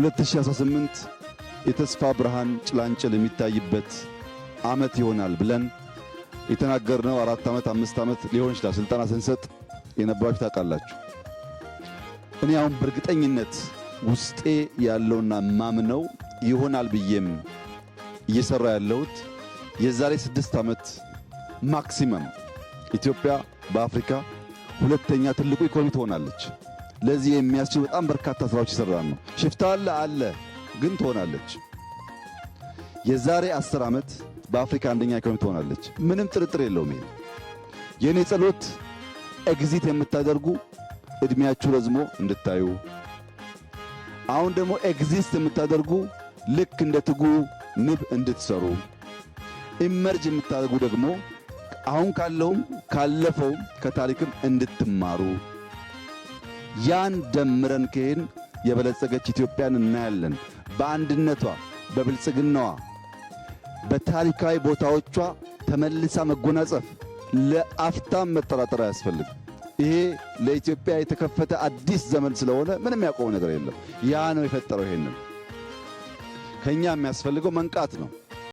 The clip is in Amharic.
2018 የተስፋ ብርሃን ጭላንጭል የሚታይበት ዓመት ይሆናል ብለን የተናገርነው አራት ዓመት አምስት ዓመት ሊሆን ይችላል ስልጠና ስንሰጥ የነበራችሁ ታውቃላችሁ። እኔ አሁን በእርግጠኝነት ውስጤ ያለውና ማምነው ይሆናል ብዬም እየሰራ ያለሁት የዛሬ ስድስት ዓመት ማክሲመም ኢትዮጵያ በአፍሪካ ሁለተኛ ትልቁ ኢኮኖሚ ትሆናለች። ለዚህ የሚያስችል በጣም በርካታ ስራዎች ይሰራል ነው። ሽፍታል አለ አለ፣ ግን ትሆናለች። የዛሬ አስር ዓመት በአፍሪካ አንደኛ ኢኮኖሚ ትሆናለች። ምንም ጥርጥር የለውም። ይሄ የእኔ ጸሎት ኤግዚት የምታደርጉ እድሜያችሁ ረዝሞ እንድታዩ፣ አሁን ደግሞ ኤግዚስት የምታደርጉ ልክ እንደ ትጉ ንብ እንድትሰሩ፣ ኢመርጅ የምታደርጉ ደግሞ አሁን ካለውም ካለፈውም ከታሪክም እንድትማሩ ያን ደምረን ከሄን የበለጸገች ኢትዮጵያን እናያለን። በአንድነቷ፣ በብልጽግናዋ፣ በታሪካዊ ቦታዎቿ ተመልሳ መጎናጸፍ ለአፍታም መጠራጠር አያስፈልግ። ይሄ ለኢትዮጵያ የተከፈተ አዲስ ዘመን ስለሆነ ምንም ያቆመ ነገር የለም። ያ ነው የፈጠረው። ይሄንን ከእኛ የሚያስፈልገው መንቃት ነው።